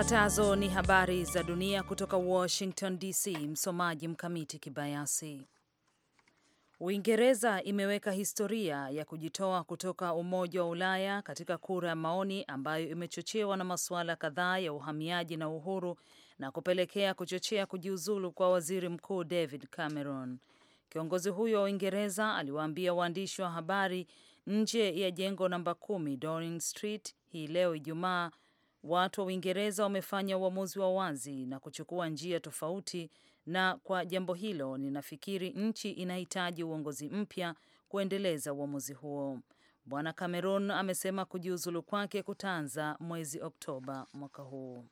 Zifuatazo ni habari za dunia kutoka Washington DC. Msomaji Mkamiti Kibayasi. Uingereza imeweka historia ya kujitoa kutoka Umoja wa Ulaya katika kura ya maoni ambayo imechochewa na masuala kadhaa ya uhamiaji na uhuru na kupelekea kuchochea kujiuzulu kwa Waziri Mkuu David Cameron. Kiongozi huyo wa Uingereza aliwaambia waandishi wa habari nje ya jengo namba kumi Downing Street hii leo Ijumaa Watu wa Uingereza wamefanya uamuzi wa wazi na kuchukua njia tofauti, na kwa jambo hilo ninafikiri nchi inahitaji uongozi mpya kuendeleza uamuzi huo. Bwana Cameron amesema kujiuzulu kwake kutaanza mwezi Oktoba mwaka huu.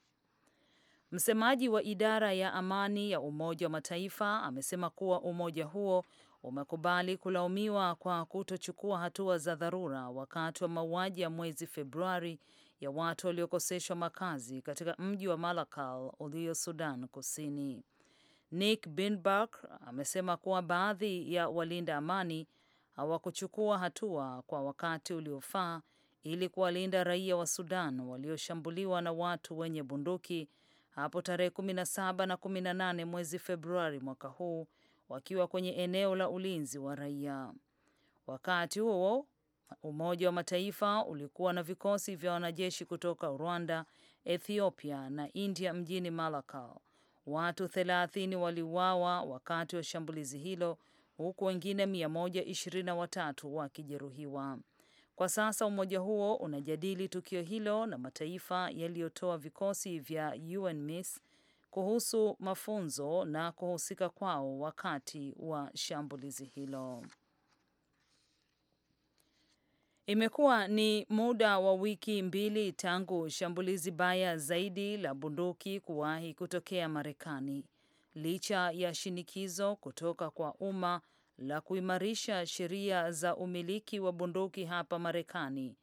Msemaji wa idara ya amani ya Umoja wa Mataifa amesema kuwa umoja huo umekubali kulaumiwa kwa kutochukua hatua za dharura wakati wa mauaji ya mwezi Februari ya watu waliokoseshwa makazi katika mji wa Malakal ulio Sudan Kusini. Nick Binbark amesema kuwa baadhi ya walinda amani hawakuchukua hatua kwa wakati uliofaa ili kuwalinda raia wa Sudan walioshambuliwa na watu wenye bunduki hapo tarehe 17 na 18 mwezi Februari mwaka huu wakiwa kwenye eneo la ulinzi wa raia. Wakati huo Umoja wa Mataifa ulikuwa na vikosi vya wanajeshi kutoka Rwanda, Ethiopia na India mjini Malakal. Watu thelathini waliuawa wakati wa shambulizi hilo huku wengine 123 wakijeruhiwa. Kwa sasa umoja huo unajadili tukio hilo na mataifa yaliyotoa vikosi vya UNMISS kuhusu mafunzo na kuhusika kwao wakati wa shambulizi hilo. Imekuwa ni muda wa wiki mbili tangu shambulizi baya zaidi la bunduki kuwahi kutokea Marekani, licha ya shinikizo kutoka kwa umma la kuimarisha sheria za umiliki wa bunduki hapa Marekani.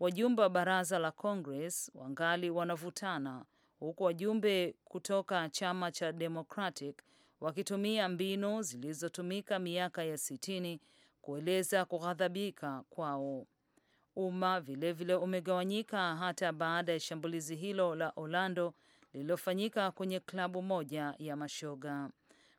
Wajumbe wa baraza la Congress wangali wanavutana huku wajumbe kutoka chama cha Democratic wakitumia mbinu zilizotumika miaka ya sitini kueleza kughadhabika kwao. Umma vilevile umegawanyika hata baada ya shambulizi hilo la Orlando lililofanyika kwenye klabu moja ya mashoga.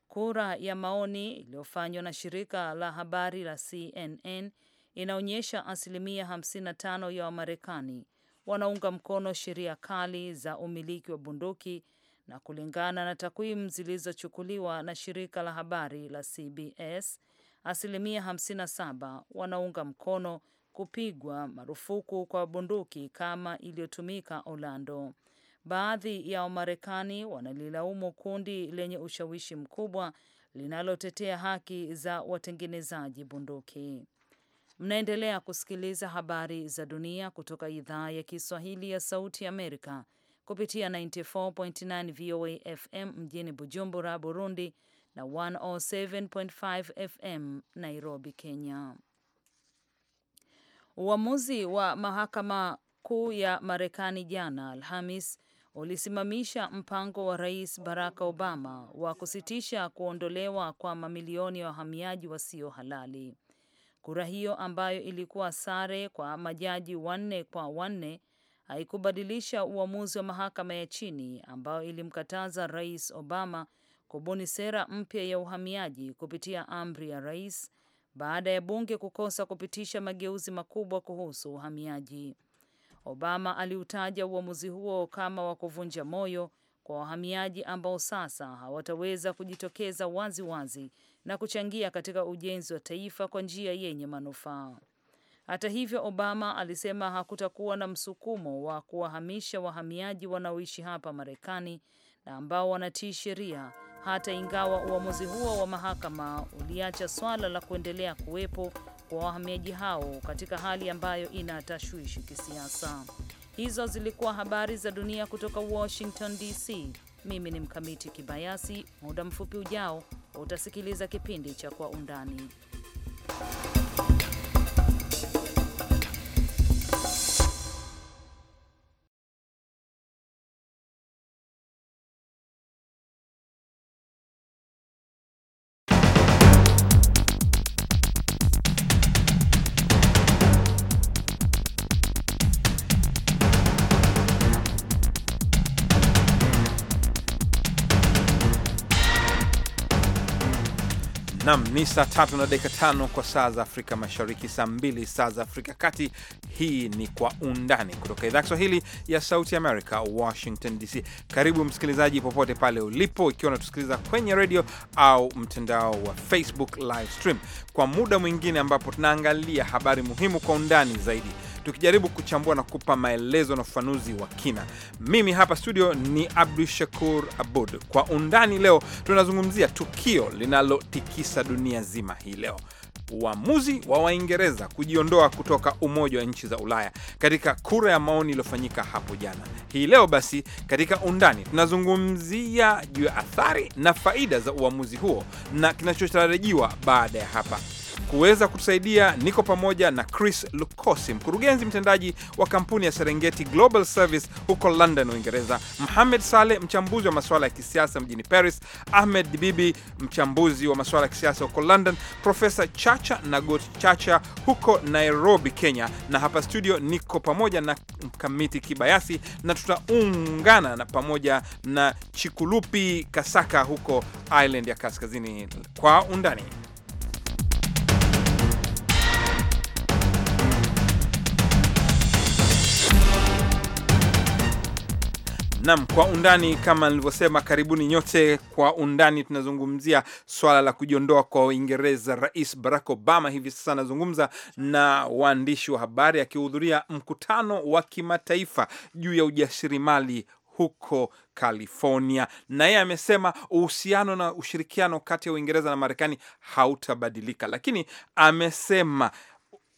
Kura ya maoni iliyofanywa na shirika la habari la CNN inaonyesha asilimia 55 ya Wamarekani wanaunga mkono sheria kali za umiliki wa bunduki, na kulingana na takwimu zilizochukuliwa na shirika la habari la CBS, asilimia 57 wanaunga mkono kupigwa marufuku kwa bunduki kama iliyotumika Orlando. Baadhi ya Wamarekani wanalilaumu kundi lenye ushawishi mkubwa linalotetea haki za watengenezaji bunduki. Mnaendelea kusikiliza habari za dunia kutoka idhaa ya Kiswahili ya Sauti Amerika kupitia 94.9 VOA FM mjini Bujumbura, Burundi na 107.5 FM Nairobi, Kenya. Uamuzi wa mahakama kuu ya Marekani jana Alhamis ulisimamisha mpango wa Rais Barack Obama wa kusitisha kuondolewa kwa mamilioni ya wahamiaji wasio halali. Kura hiyo ambayo ilikuwa sare kwa majaji wanne kwa wanne haikubadilisha uamuzi wa mahakama ya chini ambayo ilimkataza Rais Obama kubuni sera mpya ya uhamiaji kupitia amri ya rais baada ya bunge kukosa kupitisha mageuzi makubwa kuhusu uhamiaji. Obama aliutaja uamuzi huo kama wa kuvunja moyo kwa wahamiaji ambao sasa hawataweza kujitokeza wazi wazi na kuchangia katika ujenzi wa taifa kwa njia yenye manufaa. Hata hivyo, Obama alisema hakutakuwa na msukumo wa kuwahamisha wahamiaji wanaoishi hapa Marekani na ambao wanatii sheria hata ingawa uamuzi huo wa mahakama uliacha swala la kuendelea kuwepo kwa wahamiaji hao katika hali ambayo ina tashwishi kisiasa. Hizo zilikuwa habari za dunia kutoka Washington DC. Mimi ni Mkamiti Kibayasi. Muda mfupi ujao utasikiliza kipindi cha Kwa Undani. Nam ni saa tatu na dakika tano kwa saa za Afrika Mashariki, saa mbili saa za Afrika Kati. Hii ni Kwa Undani kutoka idhaa Kiswahili ya Sauti America, Washington DC. Karibu msikilizaji, popote pale ulipo, ikiwa unatusikiliza kwenye redio au mtandao wa Facebook live stream, kwa muda mwingine ambapo tunaangalia habari muhimu kwa undani zaidi tukijaribu kuchambua na kupa maelezo na ufafanuzi wa kina. Mimi hapa studio ni Abdu Shakur Abud. Kwa undani leo tunazungumzia tukio linalotikisa dunia zima hii leo, uamuzi wa Waingereza kujiondoa kutoka Umoja wa Nchi za Ulaya katika kura ya maoni iliyofanyika hapo jana. Hii leo basi, katika undani tunazungumzia juu ya athari na faida za uamuzi huo na kinachotarajiwa baada ya hapa kuweza kutusaidia. Niko pamoja na Chris Lukosi, mkurugenzi mtendaji wa kampuni ya Serengeti Global Service huko London, Uingereza, Mohamed Saleh, mchambuzi wa masuala ya kisiasa mjini Paris, Ahmed Bibi, mchambuzi wa masuala ya kisiasa huko London, Profesa Chacha Nagot Chacha huko Nairobi, Kenya, na hapa studio niko pamoja na Mkamiti Kibayasi na tutaungana na pamoja na Chikulupi Kasaka huko iland ya Kaskazini kwa undani. Nam kwa undani, kama nilivyosema, karibuni nyote. Kwa undani tunazungumzia swala la kujiondoa kwa Uingereza. Rais Barack Obama hivi sasa anazungumza na waandishi wa habari akihudhuria mkutano wa kimataifa juu ya ujasiriamali huko California, na yeye amesema uhusiano na ushirikiano kati ya Uingereza na Marekani hautabadilika, lakini amesema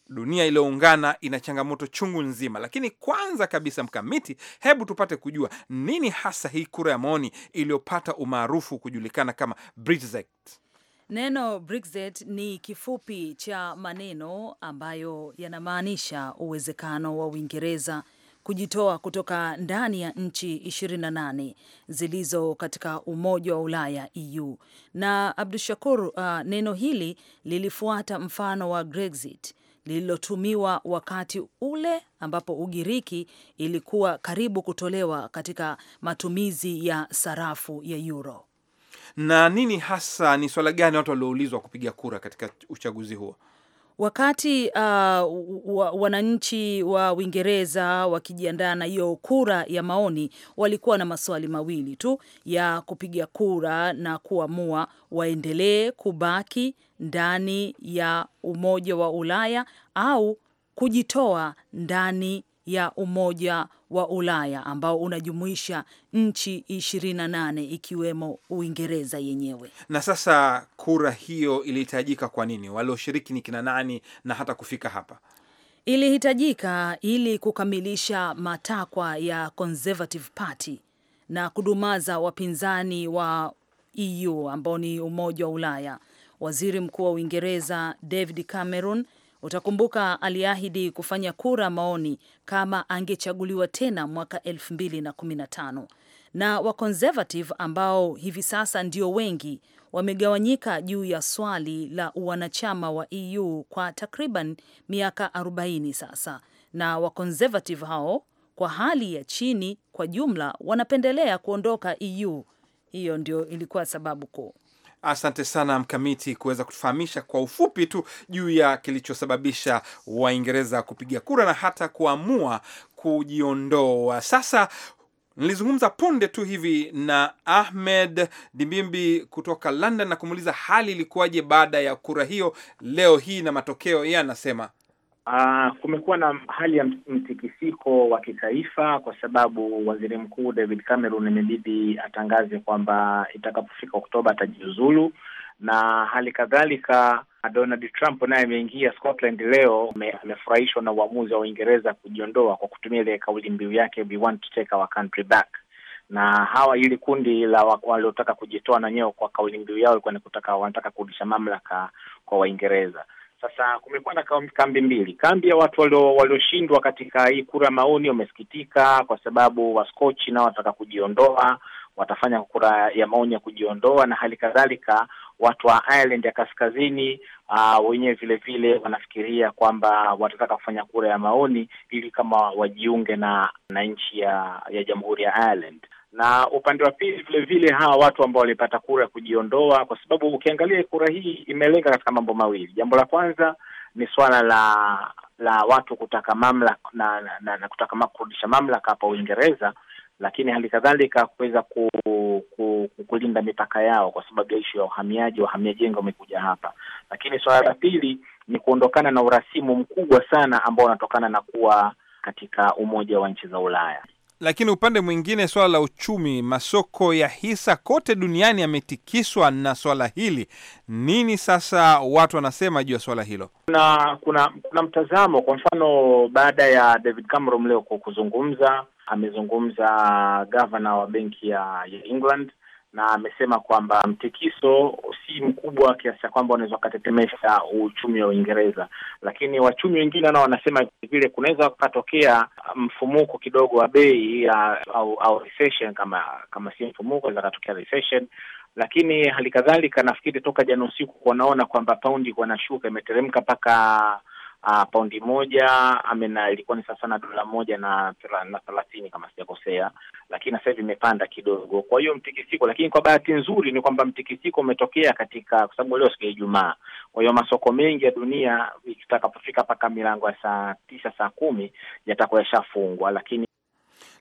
dunia iliyoungana ina changamoto chungu nzima, lakini kwanza kabisa, Mkamiti, hebu tupate kujua nini hasa hii kura ya maoni iliyopata umaarufu kujulikana kama Brexit. Neno Brexit ni kifupi cha maneno ambayo yanamaanisha uwezekano wa Uingereza kujitoa kutoka ndani ya nchi 28 zilizo katika Umoja wa Ulaya EU. Na abdushakur uh, neno hili lilifuata mfano wa Grexit lililotumiwa wakati ule ambapo Ugiriki ilikuwa karibu kutolewa katika matumizi ya sarafu ya euro. Na nini hasa, ni swala gani watu walioulizwa kupiga kura katika uchaguzi huo? Wakati uh, wa, wananchi wa Uingereza wakijiandaa na hiyo kura ya maoni, walikuwa na maswali mawili tu ya kupiga kura na kuamua waendelee kubaki ndani ya Umoja wa Ulaya au kujitoa ndani ya Umoja wa Ulaya ambao unajumuisha nchi 28 ikiwemo Uingereza yenyewe. Na sasa kura hiyo ilihitajika kwa nini? Walioshiriki ni kina nani na hata kufika hapa? Ilihitajika ili kukamilisha matakwa ya Conservative Party na kudumaza wapinzani wa EU ambao ni Umoja wa Ulaya. Waziri Mkuu wa Uingereza David Cameron Utakumbuka aliahidi kufanya kura maoni kama angechaguliwa tena mwaka 2015 na wakonservative ambao hivi sasa ndio wengi wamegawanyika juu ya swali la uwanachama wa EU kwa takriban miaka 40 sasa, na wakonservative hao kwa hali ya chini kwa jumla wanapendelea kuondoka EU. Hiyo ndio ilikuwa sababu kuu. Asante sana Mkamiti kuweza kutufahamisha kwa ufupi tu juu ya kilichosababisha Waingereza kupiga kura na hata kuamua kujiondoa. Sasa nilizungumza punde tu hivi na Ahmed Dimbimbi kutoka London na kumuuliza hali ilikuwaje baada ya kura hiyo leo hii na matokeo. Yeye anasema Uh, kumekuwa na hali ya mtikisiko wa kitaifa kwa sababu waziri mkuu David Cameron imebidi atangaze kwamba itakapofika Oktoba atajiuzulu, na hali kadhalika Donald Trump naye ameingia Scotland leo, amefurahishwa na uamuzi wa Uingereza kujiondoa kwa kutumia ile kauli mbiu yake we want to take our country back na hawa ili kundi la waliotaka kujitoa na nyeo kwa kauli mbiu yao ilikuwa ni kutaka wanataka kurudisha mamlaka kwa Waingereza. Sasa kumekuwa na kambi mbili. Kambi ya watu walioshindwa katika hii kura maoni wamesikitika kwa sababu Waskochi nao wanataka kujiondoa, watafanya kura ya maoni ya kujiondoa, na hali kadhalika watu wa Ireland ya kaskazini uh, wenyewe vile vile wanafikiria kwamba watataka kufanya kura ya maoni ili kama wajiunge na na nchi ya ya Jamhuri ya Ireland na upande wa pili vile vile hawa watu ambao walipata kura ya kujiondoa, kwa sababu ukiangalia kura hii imelenga katika mambo mawili. Jambo la kwanza ni swala la la watu kutaka mamlaka na, na, na, na kutaka kurudisha mamlaka hapa Uingereza, lakini hali kadhalika kuweza ku, ku, ku, kulinda mipaka yao kwa sababu ya ishu ya uhamiaji. Wahamiaji wengi wamekuja hapa, lakini swala la pili ni kuondokana na urasimu mkubwa sana ambao unatokana na kuwa katika umoja wa nchi za Ulaya. Lakini upande mwingine, swala la uchumi, masoko ya hisa kote duniani yametikiswa na swala hili. Nini sasa watu wanasema juu ya swala hilo? Kuna, kuna kuna mtazamo. Kwa mfano, baada ya David Cameron leo kuzungumza, amezungumza gavana wa benki ya, ya England na amesema kwamba mtikiso si mkubwa kiasi cha kwamba unaweza ukatetemesha uchumi wa Uingereza, lakini wachumi wengine nao wanasema vile kunaweza kukatokea mfumuko kidogo wa bei au, au recession, kama kama si mfumuko unaweza katokea recession lakini hali kadhalika nafikiri toka jana usiku wanaona kwamba paundi wanashuka imeteremka mpaka uh, paundi moja amena, ilikuwa ni sasa na dola moja na na thelathini kama sijakosea, lakini sasa hivi imepanda kidogo. Kwa hiyo mtikisiko, lakini kwa bahati nzuri ni kwamba mtikisiko umetokea katika, kwa sababu leo siku ya Ijumaa, kwa hiyo masoko mengi ya dunia itakapofika mpaka milango ya saa tisa saa kumi yatakuwa yashafungwa, lakini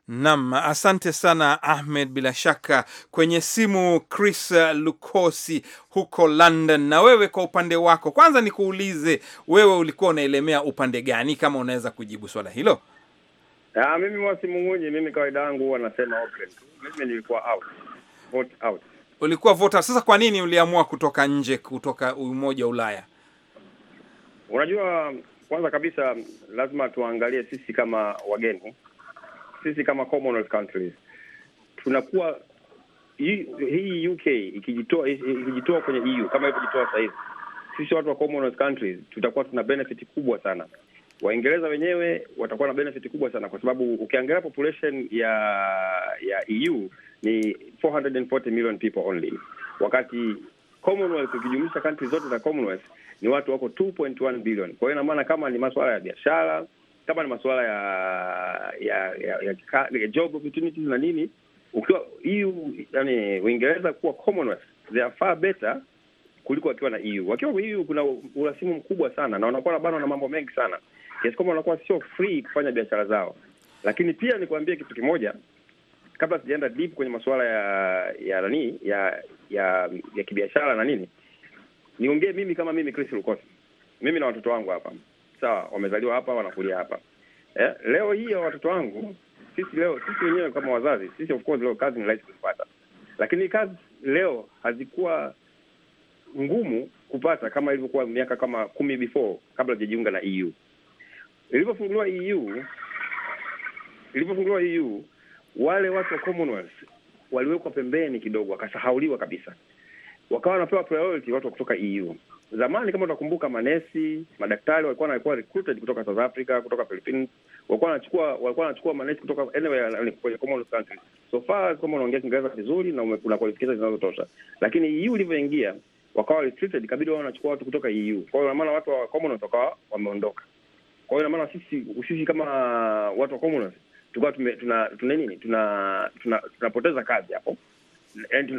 Nam, asante sana Ahmed. Bila shaka kwenye simu Chris Lukosi huko London. Na wewe kwa upande wako, kwanza nikuulize wewe, ulikuwa unaelemea upande gani, kama unaweza kujibu swala hilo? Ya, ah, mimi mwasimungunyi, mimi kawaida yangu huwa nasema open Mimi nilikuwa out. Vote out. Ulikuwa vote Sasa kwa nini uliamua kutoka nje, kutoka umoja wa Ulaya? Unajua, kwanza kabisa lazima tuangalie sisi kama wageni sisi kama Commonwealth countries tunakuwa hii hi UK ikijitoa ikijitoa kwenye EU kama ilivyojitoa sasa hivi, sisi watu wa Commonwealth countries tutakuwa tuna benefit kubwa sana. Waingereza wenyewe watakuwa na benefit kubwa sana, kwa sababu ukiangalia population ya ya EU ni 440 million people only, wakati Commonwealth ukijumlisha countries zote za Commonwealth ni watu wako 2.1 billion. Kwa hiyo ina maana kama ni masuala ya biashara kama ni masuala ya ya ya, ya, ya job opportunities na nini, ukiwa EU yani Uingereza kuwa Commonwealth they are far better kuliko wakiwa na EU. Wakiwa kwa EU kuna urasimu mkubwa sana na wanakuwa nabanwa na mambo mengi sana kiasi kwamba wanakuwa sio free kufanya biashara zao. Lakini pia nikuambie kitu kimoja, kabla sijaenda deep kwenye masuala ya ya nani ya ya, ya kibiashara na nini, niongee mimi kama mimi Chris Lukosi, mimi na watoto wangu hapa sawa, wamezaliwa hapa, wanakulia hapa eh. Leo hii watoto wangu sisi, leo sisi wenyewe kama wazazi sisi, of course, leo kazi ni rahisi kuzipata, lakini kazi leo hazikuwa ngumu kupata kama ilivyokuwa miaka kama kumi before, kabla hujajiunga na EU. Ilivyofunguliwa EU, ilivyofunguliwa EU, wale watu wa Commonwealth waliwekwa pembeni kidogo, wakasahauliwa kabisa, wakawa wanapewa priority watu wa kutoka EU. Zamani kama utakumbuka, manesi madaktari walikuwa walikuwa recruited kutoka South Africa, kutoka Philippines, walikuwa wanachukua walikuwa wanachukua manesi kutoka anyway, kwenye Commonwealth countries. So far kama unaongea Kiingereza vizuri na una qualifications zinazotosha, lakini EU ilivyoingia wakawa restricted, ikabidi wao wanachukua watu kutoka EU. Kwa hiyo maana watu wa Commonwealth wakawa wameondoka. Kwa hiyo maana sisi sisi kama watu wa Commonwealth tukawa tuna tuna nini tuna tunapoteza tuna, tuna, kazi hapo,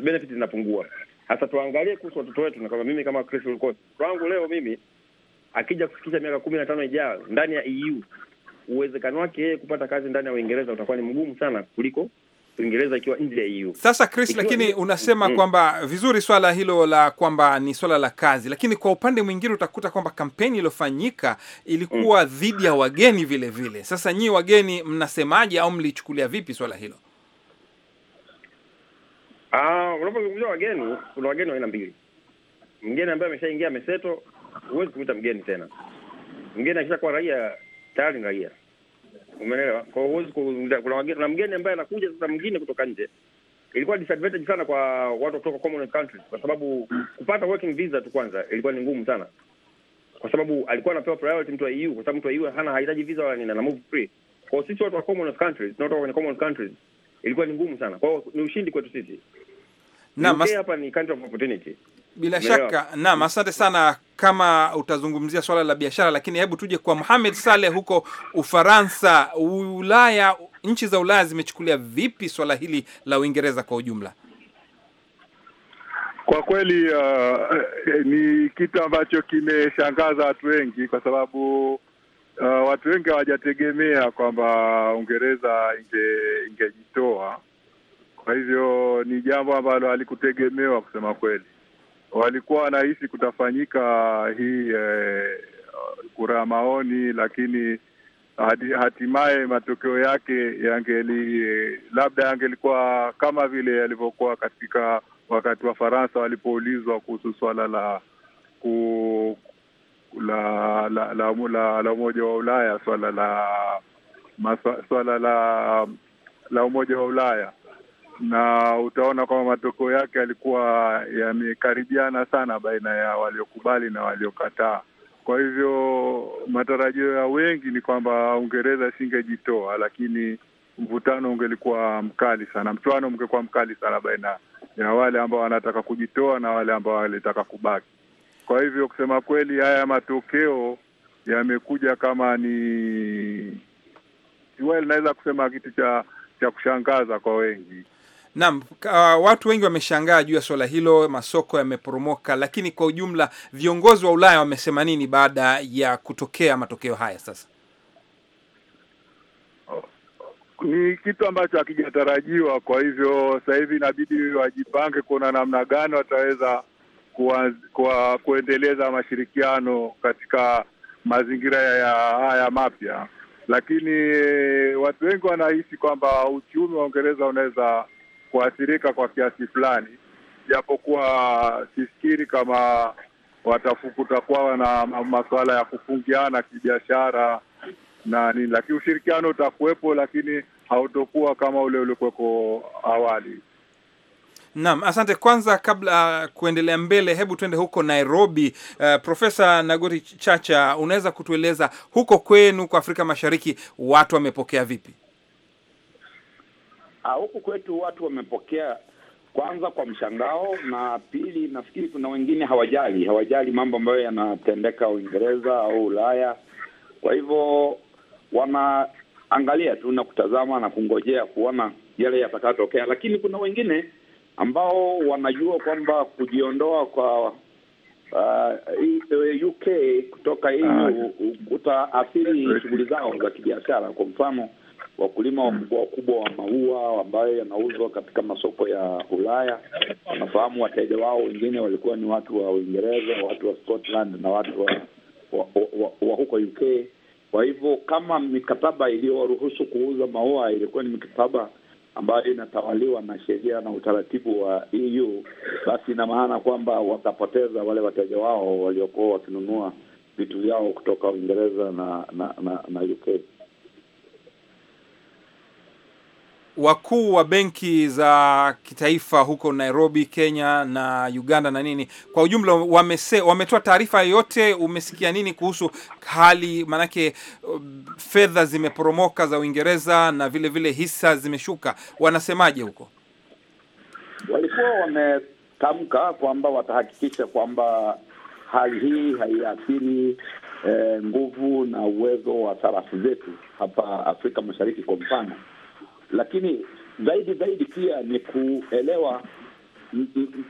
benefits zinapungua. Sasa tuangalie kuhusu watoto wetu, na kama mimi kama Chris Lukosi wangu leo, mimi akija kufikisha miaka kumi na tano ijayo ndani ya EU, uwezekano wake yeye kupata kazi ndani ya Uingereza utakuwa ni mgumu sana kuliko Uingereza ikiwa nje ya EU. Sasa Chris, ikiwa lakini unasema mm, kwamba vizuri swala hilo la kwamba ni swala la kazi, lakini kwa upande mwingine utakuta kwamba kampeni iliyofanyika ilikuwa mm, dhidi ya wageni vile vile. Sasa nyi wageni mnasemaje au mlichukulia vipi swala hilo? Ah, unapozungumzia wageni, kuna wageni wa aina mbili. Mgeni ambaye ameshaingia meseto, huwezi kumwita mgeni tena. Mgeni akishakuwa raia tayari ni raia, umeelewa? Kwa hiyo huwezi kuzungumzia. Kuna wageni, na mgeni ambaye anakuja sasa, mwingine kutoka nje. Ilikuwa disadvantage sana kwa watu kutoka common countries, kwa sababu kupata working visa tu kwanza ilikuwa ni ngumu sana, kwa sababu alikuwa anapewa priority mtu wa EU, kwa sababu mtu wa EU hana hahitaji visa wala nini, ana move free. Kwa sisi watu wa common countries, tunatoka kwenye common countries, ilikuwa ni ngumu sana. Kwa hiyo ni ushindi kwetu sisi hapa ni country of opportunity bila shaka naam, asante sana. Kama utazungumzia swala la biashara, lakini hebu tuje kwa Mohamed Saleh huko Ufaransa. Ulaya, nchi za Ulaya zimechukulia vipi swala hili la Uingereza kwa ujumla? Kwa kweli uh, eh, ni kitu ambacho kimeshangaza watu wengi, kwa sababu uh, watu wengi hawajategemea kwamba Uingereza ingejitoa inge kwa hivyo ni jambo ambalo halikutegemewa kusema kweli, walikuwa wanahisi kutafanyika hii eh, kura ya maoni, lakini hatimaye matokeo yake yangeli labda yangelikuwa kama vile yalivyokuwa katika wakati wa Faransa walipoulizwa kuhusu swala la ku la la la, la, la umoja wa Ulaya swala la maswa, swala la la umoja wa Ulaya na utaona kwamba matokeo yake yalikuwa yamekaribiana sana baina ya waliokubali na waliokataa. Kwa hivyo matarajio ya wengi ni kwamba Uingereza isingejitoa, lakini mvutano ungelikuwa mkali sana, mchuano ungekuwa mkali sana baina ya wale ambao wanataka kujitoa na wale ambao walitaka kubaki. Kwa hivyo kusema kweli, haya matokeo yamekuja kama ni well, naweza kusema kitu cha cha kushangaza kwa wengi. Naam, uh, watu wengi wameshangaa juu ya swala hilo, masoko yameporomoka, lakini kwa ujumla viongozi wa Ulaya wamesema nini baada ya kutokea matokeo haya sasa? Ni kitu ambacho hakijatarajiwa. Kwa hivyo sasa hivi inabidi wajipange kuona namna gani wataweza kwa kuendeleza mashirikiano katika mazingira ya haya mapya, lakini watu wengi wanahisi kwamba uchumi wa Uingereza unaweza kuathirika kwa kiasi fulani, japokuwa sifikiri kama watafukuta kwawa na masuala ya kufungiana kibiashara na nini, lakini ushirikiano utakuwepo, lakini hautokuwa kama ule uliokuweko awali. Naam, asante. Kwanza kabla kuendelea mbele, hebu twende huko Nairobi. Uh, Profesa Nagori Chacha, unaweza kutueleza huko kwenu kwa Afrika Mashariki watu wamepokea vipi? Ah, huku kwetu watu wamepokea kwanza kwa mshangao, na pili, nafikiri kuna wengine hawajali, hawajali mambo ambayo yanatendeka Uingereza au Ulaya. Kwa hivyo wanaangalia tu na kutazama na kungojea kuona yale yatakayotokea, lakini kuna wengine ambao wanajua kwamba kujiondoa kwa uh, UK kutoka ah. EU kutaathiri shughuli zao za kibiashara. Kwa mfano wakulima wakubwa wa maua ambayo yanauzwa katika masoko ya Ulaya wanafahamu wateja wao wengine walikuwa ni watu wa Uingereza, watu wa Scotland na watu wa, wa, wa, wa huko UK. Kwa hivyo kama mikataba iliyowaruhusu kuuza maua ilikuwa ni mikataba ambayo inatawaliwa na sheria na utaratibu wa EU, basi ina maana kwamba watapoteza wale wateja wao waliokuwa wakinunua vitu vyao kutoka Uingereza na na, na, na UK. wakuu wa benki za kitaifa huko Nairobi, Kenya na Uganda na nini kwa ujumla wamese, wametoa taarifa yoyote? Umesikia nini kuhusu hali? Maanake uh, fedha zimeporomoka za Uingereza na vile vile hisa zimeshuka, wanasemaje huko? Walikuwa wametamka kwamba watahakikisha kwamba hali hii haiathiri eh, nguvu na uwezo wa sarafu zetu hapa Afrika Mashariki kwa mfano lakini zaidi zaidi pia ni kuelewa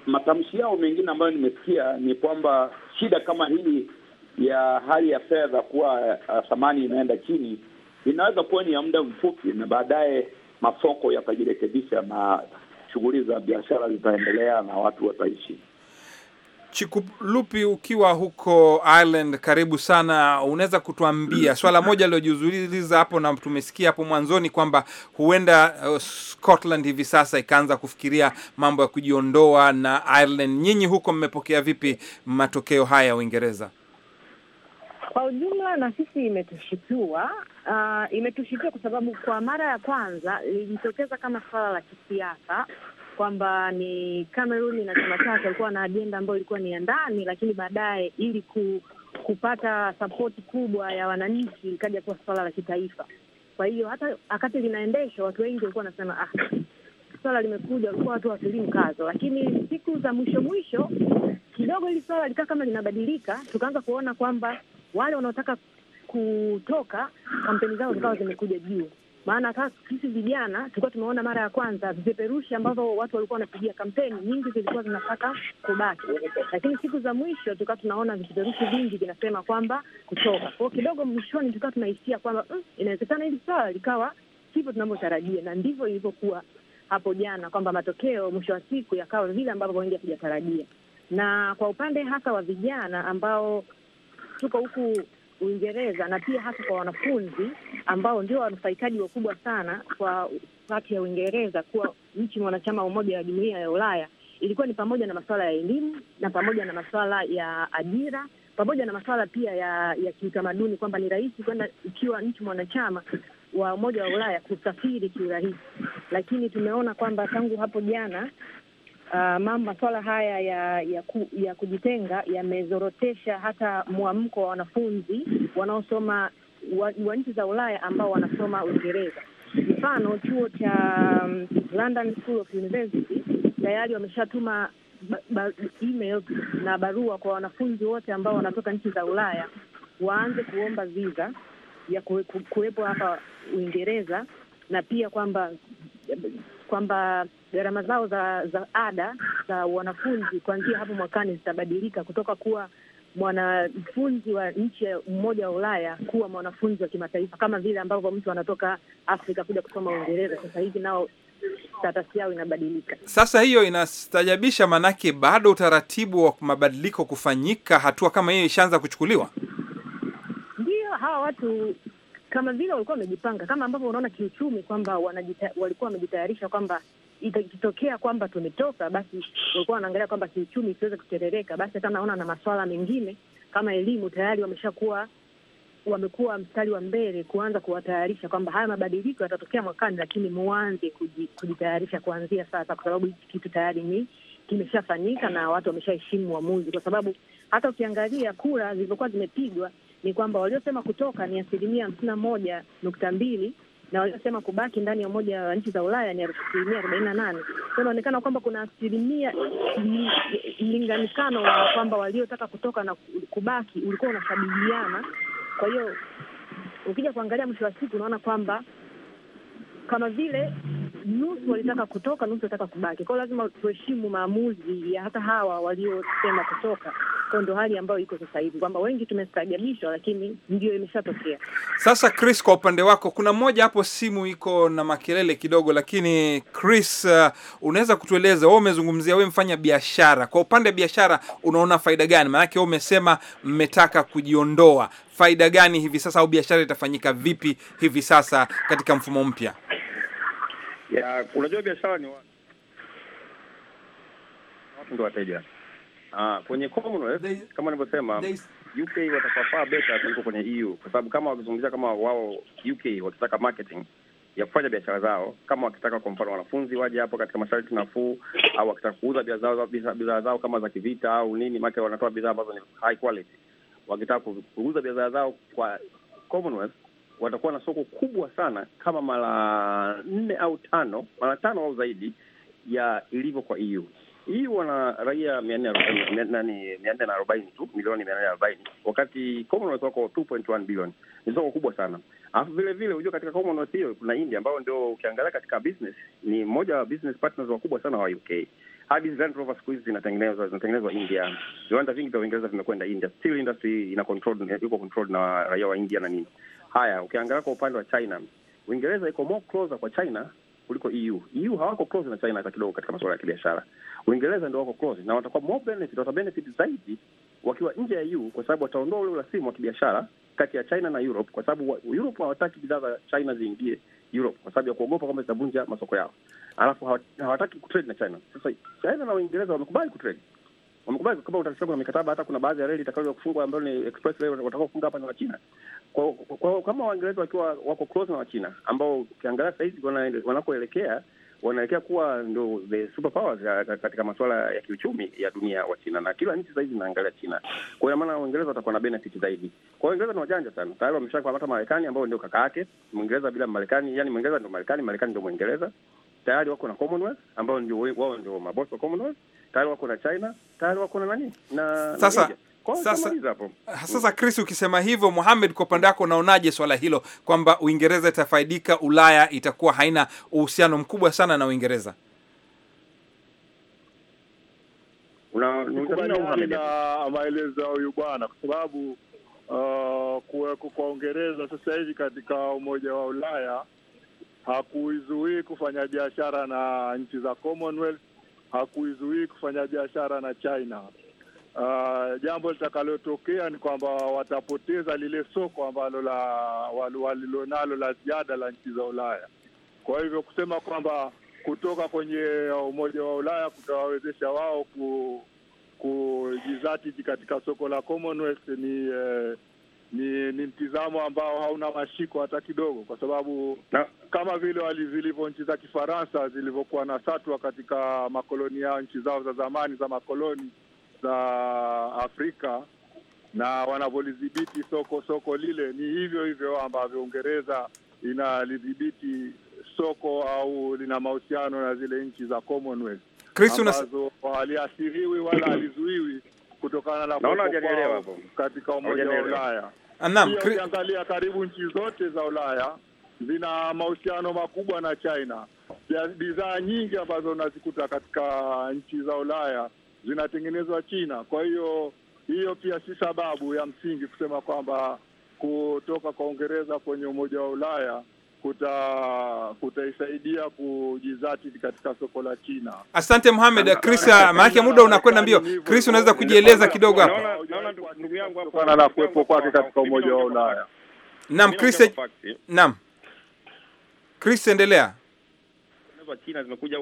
matamshi yao mengine ambayo nimesikia ni kwamba shida kama hili ya hali ya fedha kuwa uh, thamani inaenda chini inaweza kuwa ni ya muda mfupi, na baadaye masoko yatajirekebisha na shughuli za biashara zitaendelea na watu wataishi. Chikulupi, ukiwa huko Ireland, karibu sana. Unaweza kutuambia swala moja lilojiuzuliza hapo, na tumesikia hapo mwanzoni kwamba huenda uh, Scotland hivi sasa ikaanza kufikiria mambo ya kujiondoa na Ireland. Nyinyi huko mmepokea vipi matokeo haya ya Uingereza? Kwa ujumla na sisi imetushitua. Uh, imetushitua kwa sababu kwa mara ya kwanza lilijitokeza kama swala la kisiasa kwamba ni Cameroon na chama chake walikuwa na ajenda ambayo ilikuwa ni ya ndani, lakini baadaye ili ku, kupata sapoti kubwa ya wananchi ikaja kuwa swala la kitaifa. Kwa hiyo hata wakati linaendeshwa watu wengi walikuwa wanasema ah, swala limekuja, walikuwa watu watili mkazo, lakini siku za mwisho mwisho kidogo hili swala likaa kama linabadilika, tukaanza kuona kwamba wale wanaotaka kutoka kampeni zao zikawa zimekuja juu maana sisi vijana tulikuwa tumeona mara ya kwanza vipeperushi ambavyo watu walikuwa wanapigia kampeni nyingi zilikuwa zinataka kubaki, lakini siku za mwisho tulikuwa tunaona vipeperushi vingi vinasema kwamba kutoka kwao kidogo. Mwishoni tulikuwa tunahisia kwamba mm, inawezekana hili swala likawa sivyo tunavyotarajia, na ndivyo ilivyokuwa hapo jana, kwamba matokeo mwisho wa siku yakawa vile ambavyo wengi hatujatarajia. Na kwa upande hasa wa vijana ambao tuko huku Uingereza na pia hasa kwa wanafunzi ambao ndio wanufaikaji wakubwa sana kwa kati ya Uingereza kuwa nchi mwanachama wa Umoja wa Jumuiya ya Ulaya, ilikuwa ni pamoja na masuala ya elimu na pamoja na masuala ya ajira pamoja na masuala pia ya ya kiutamaduni, kwamba ni rahisi kwenda ikiwa nchi mwanachama wa Umoja wa Ulaya kusafiri kiurahisi, lakini tumeona kwamba tangu hapo jana uh, maswala haya ya ya, ku, ya kujitenga yamezorotesha hata mwamko wa wanafunzi wanaosoma wa, wa nchi za Ulaya ambao wanasoma Uingereza. Mfano, chuo cha um, London School of University tayari wameshatuma ba, ba, email na barua kwa wanafunzi wote ambao wanatoka nchi za Ulaya waanze kuomba viza ya kuwepo hapa Uingereza na pia kwamba kwamba gharama zao za, za ada za wanafunzi kuanzia hapo mwakani zitabadilika kutoka kuwa mwanafunzi wa nchi ya mmoja wa Ulaya kuwa mwanafunzi wa kimataifa, kama vile ambavyo mtu anatoka Afrika kuja kusoma Uingereza. Sasa hivi nao status yao inabadilika. Sasa hiyo inastajabisha, maanake bado utaratibu wa mabadiliko kufanyika, hatua kama hiyo ishaanza kuchukuliwa. ndio hawa watu kama vile walikuwa wamejipanga, kama ambavyo unaona kiuchumi kwamba walikuwa wamejitayarisha kwamba ikitokea kwamba tumetoka, basi walikuwa wanaangalia kwamba kiuchumi isiweze kuterereka. Basi hata naona na masuala mengine kama elimu tayari wameshakuwa wamekuwa mstari wa mbele kuanza kuwatayarisha kwamba haya mabadiliko yatatokea mwakani, lakini muanze kujitayarisha kuanzia sasa, kwa sababu hiki kitu tayari ni kimeshafanyika na watu wameshaheshimu uamuzi, kwa sababu hata ukiangalia kura zilizokuwa zimepigwa ni kwamba waliosema kutoka ni asilimia hamsini na moja nukta mbili na waliosema kubaki ndani ya umoja wa nchi za Ulaya ni asilimia arobaini na nane. Kwa inaonekana kwamba kuna asilimia mlinganikano wa kwamba waliotaka kutoka na kubaki ulikuwa unakabiliana. Kwa hiyo ukija kuangalia mwisho wa siku unaona kwamba kama vile nusu walitaka kutoka, nusu walitaka kubaki. Kwa hiyo lazima tuheshimu maamuzi ya hata hawa waliosema kutoka. Kwa ndo hali ambayo iko sasa hivi kwamba wengi tumestaajabishwa, lakini ndio imeshatokea sasa. Chris, kwa upande wako, kuna mmoja hapo simu iko na makelele kidogo, lakini Chris, uh, unaweza kutueleza wewe, umezungumzia wewe mfanya biashara, kwa upande wa biashara unaona faida gani? Maanake wewe umesema mmetaka kujiondoa, faida gani hivi sasa, au biashara itafanyika vipi hivi sasa katika mfumo mpya? Unajua biashara ni watu ndio wateja Ah, kwenye Commonwealth they, kama nilivyosema UK watakuwa far better kuliko kwenye EU kwa sababu kama wakizungumzia kama wao UK wakitaka marketing ya kufanya biashara zao, kama wakitaka kwa mfano wanafunzi waje hapo katika masharti nafuu, au wakitaka kuuza bidhaa zao kama za kivita au nini, maana wanatoa bidhaa ambazo ni high quality. Wakitaka kuuza bidhaa zao kwa Commonwealth, watakuwa na soko kubwa sana kama mara nne au tano, mara tano au zaidi ya ilivyo kwa EU hii wana raia mia nne na arobaini tu milioni mia nne arobaini wakati Commonwealth wako 2.1 bilioni. Ni soko kubwa sana. Alafu vile vile hujua katika Commonwealth hiyo kuna India ambayo ndio ukiangalia katika business ni mmoja wa business partners wakubwa sana wa UK. Hadi Land Rover siku hizi zinatengenezwa zinatengenezwa India. Viwanda vingi vya Uingereza vimekwenda India. Steel industry ina control iko controlled na raia wa India na nini. Haya, ukiangalia kwa upande wa China, Uingereza iko more closer kwa China kuliko EU. EU hawako close na China hata kidogo katika masuala ya kibiashara. Uingereza ndio wako close na watakuwa more benefit, wata benefit zaidi wakiwa nje ya EU kwa sababu wataondoa ule urasimu wa kibiashara kati ya China na Europe kwa sababu Europe hawataki bidhaa za China ziingie Europe kwa sababu ya kuogopa kwamba zitavunja masoko yao, alafu hawataki kutrade na China. Sasa China na Uingereza wamekubali kutrade wamekubali kama utasikia kuna mikataba, hata kuna baadhi ya reli itakayo kufungwa ambayo ni express rail watakao kufunga hapa na Wachina. Kwa, hiyo kama Waingereza wakiwa wako close na Wachina ambao ukiangalia saa hizi wanakoelekea wanaelekea kuwa ndo the super powers katika masuala ya kiuchumi ya dunia wa China, na kila nchi sahizi inaangalia China. Kwa hiyo maana Waingereza watakuwa na benefit zaidi. Kwa hiyo Waingereza ni wajanja sana, tayari wameshakamata Marekani ambao ndio kaka yake Mwingereza bila Marekani, yani Mwingereza ndio Marekani, Marekani ndio Mwingereza. Tayari wako na Commonwealth ambao ndio wao ndio mabosi wa Commonwealth tayari wako na China, tayari wako na nani na sasa na sasa, sasa Chris, ukisema hivyo, Mohamed, kwa upande wako unaonaje swala hilo kwamba Uingereza itafaidika, Ulaya itakuwa haina uhusiano mkubwa sana na Uingereza? Unakubaliana huyu bwana, kwa sababu uh, kuweko kwa Uingereza sasa hivi katika Umoja wa Ulaya hakuizuii kufanya biashara na nchi za Commonwealth hakuizuii kufanya biashara na China. Uh, jambo litakalotokea ni kwamba watapoteza lile soko ambalo la walilonalo la ziada la nchi za Ulaya. Kwa hivyo kusema kwamba kutoka kwenye Umoja wa Ulaya kutawawezesha wao ku, kujizatiti katika soko la Commonwealth ni eh, ni ni mtizamo ambao hauna mashiko hata kidogo, kwa sababu na, kama vile zilivyo nchi za Kifaransa zilivyokuwa na satwa katika makoloni yao, nchi zao za zamani za makoloni za Afrika na wanavyolidhibiti soko soko lile, ni hivyo hivyo ambavyo Uingereza inalidhibiti soko au lina mahusiano na zile nchi za Commonwealth ambazo haliathiriwi wala halizuiwi kutokana na katika Umoja wa Ulaya. Ah, naam, ukiangalia karibu nchi zote za Ulaya zina mahusiano makubwa na China. Bidhaa nyingi ambazo unazikuta katika nchi za Ulaya zinatengenezwa China. Kwa hiyo hiyo pia si sababu ya msingi kusema kwamba kutoka kwa Uingereza kwenye Umoja wa Ulaya kuta kutaisaidia kujizati katika soko la China. Asante Mohamed. Chris, maanake muda unakwenda mbio. Chris, unaweza kujieleza kidogo hapa? Ndugu yangu hapa na kuwepo kwake katika umoja wa Ulaya. Naam Chris, naam Chris, endelea. China zimekuja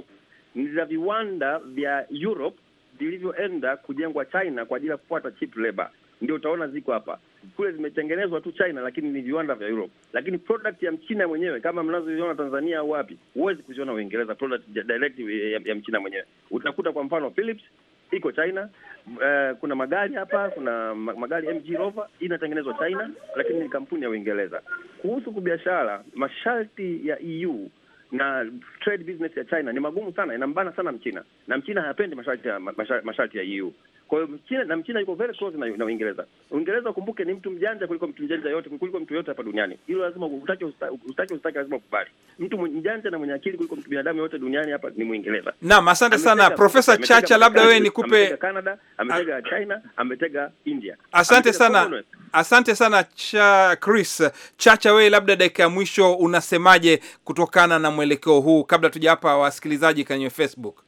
ni za viwanda vya Europe vilivyoenda kujengwa China kwa ajili ya kufuata cheap labor ndio utaona ziko hapa. Kule zimetengenezwa tu China, lakini ni viwanda vya Europe. Lakini product ya mchina mwenyewe kama mnazoiona Tanzania au wapi, huwezi kuziona Uingereza, product direct ya, ya mchina mwenyewe. Utakuta kwa mfano Philips iko China. Uh, kuna magari hapa, kuna magari MG Rover inatengenezwa China, lakini ni kampuni ya Uingereza. Kuhusu kubiashara, masharti ya EU na trade business ya China ni magumu sana, inambana sana mchina, na mchina hayapendi masharti ya, masharti ya EU. Kwa hiyo Mchina na Mchina yuko very close na na Uingereza. Uingereza ukumbuke, ni mtu mjanja kuliko mtu mjanja yote kuliko mtu yote hapa duniani. Hilo lazima utake usitake usitake, lazima ukubali. Mtu mjanja na mwenye akili kuliko mtu binadamu yote duniani hapa ni Muingereza. Naam, asante sana Profesa Chacha, labda wewe nikupe. Canada ametega, A... Ah, China ametega, India. Asante ametega sana. Commonwealth. Asante sana cha Chris Chacha, wewe labda dakika ya mwisho unasemaje kutokana na mwelekeo huu, kabla tujawapa wasikilizaji kwenye Facebook?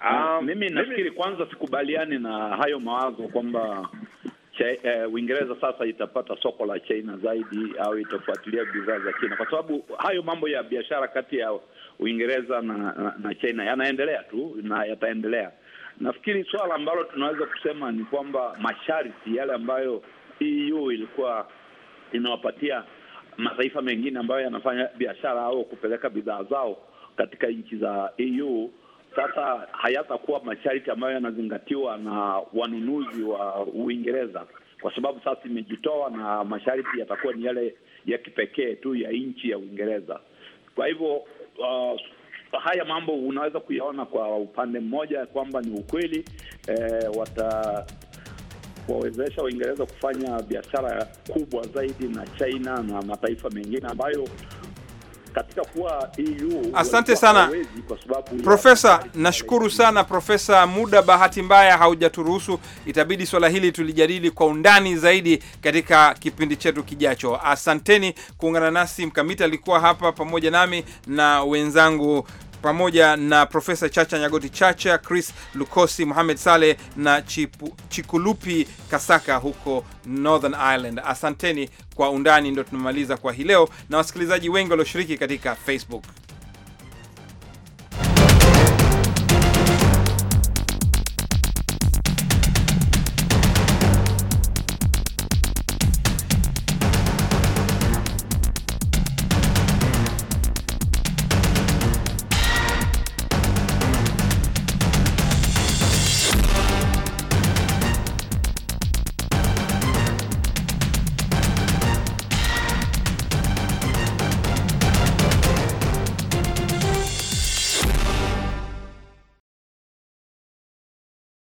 Ah, um, mimi nafikiri kwanza sikubaliani na hayo mawazo kwamba Uingereza eh, Uingereza sasa itapata soko la China zaidi au itafuatilia bidhaa za China, kwa sababu hayo mambo ya biashara kati ya Uingereza na, na, na China yanaendelea tu na yataendelea. Nafikiri swala ambalo tunaweza kusema ni kwamba masharti yale ambayo EU ilikuwa inawapatia mataifa mengine ambayo yanafanya biashara au kupeleka bidhaa zao katika nchi za EU sasa hayatakuwa masharti ambayo yanazingatiwa na wanunuzi wa Uingereza kwa sababu sasa imejitoa na masharti yatakuwa ni yale ya kipekee tu ya nchi ya Uingereza. Kwa hivyo uh, haya mambo unaweza kuyaona kwa upande mmoja kwamba ni ukweli eh, wata wawezesha Uingereza kufanya biashara kubwa zaidi na China na mataifa mengine ambayo katika kuwa EU. Asante sana Profesa, nashukuru sana Profesa. Muda bahati mbaya haujaturuhusu, itabidi swala hili tulijadili kwa undani zaidi katika kipindi chetu kijacho. Asanteni kuungana nasi. Mkamiti alikuwa hapa pamoja nami na wenzangu pamoja na Profesa Chacha Nyagoti Chacha, Chris Lukosi, Mohamed Saleh na Chipu, Chikulupi Kasaka huko Northern Ireland. Asanteni kwa undani, ndo tunamaliza kwa hii leo na wasikilizaji wengi walioshiriki katika Facebook.